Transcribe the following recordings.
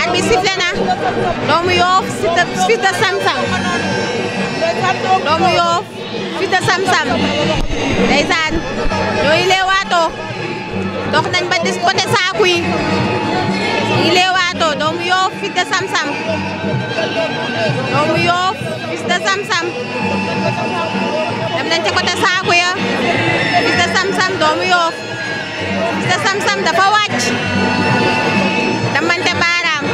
at bi sifflé na doomu Yoff Fils de doomu Yoff Fils de Sam Sam ndeysaan ñooy leewaatoo dox doomu Yoff Fils de doomu Yoff te sam dafa wàcc damante baaraam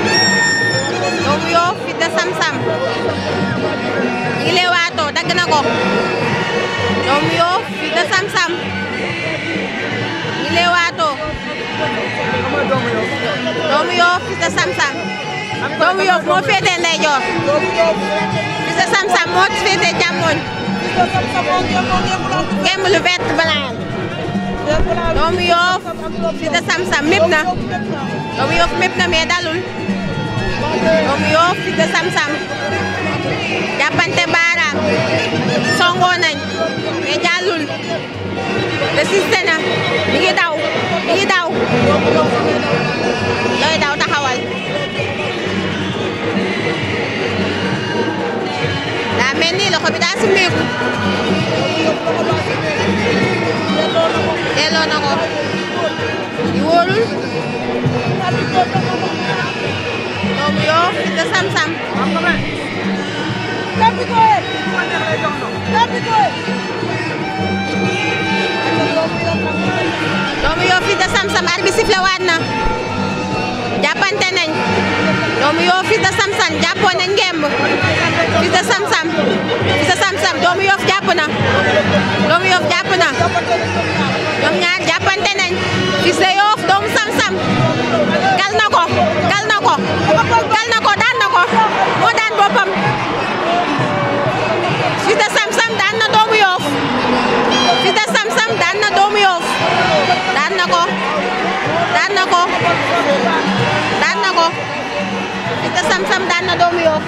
doomu fi te sam-sam waatoo dagg na fi te sam-sam waatoo doomu fi te sam-sam moo féetee ndeyjoor fi te moo féetee càmmoñ ngemb lu vert balaa doomu yoof Cité Sam Sam mépp na doomu yoof mépp na mais dalul doomu yoof Cité Sam Sam jàppante ba loxo bi daa simmeeku delloo na ko wóolul doomu yoo fi de sam-sam doomu yoo fi de sam-sam ar bi sifle waat na jàppante nañ doomu yoo fi de sam-sam jàppoo nañ ngemb fi de sam ñaar jàppante nañ fils de Yoff doomu Sam Sam kal na ko kal na ko kal na ko daan na ko moo daan boppam fils de Sam Sam daan na doomu Yoff fils de Sam Sam daan na doomu Yoff daan na ko daan na ko daan na ko fils de Sam Sam daan na doomu Yoff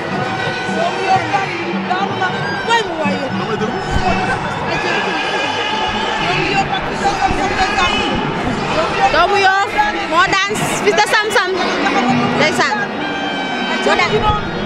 fils de Sam Sam ndeysaan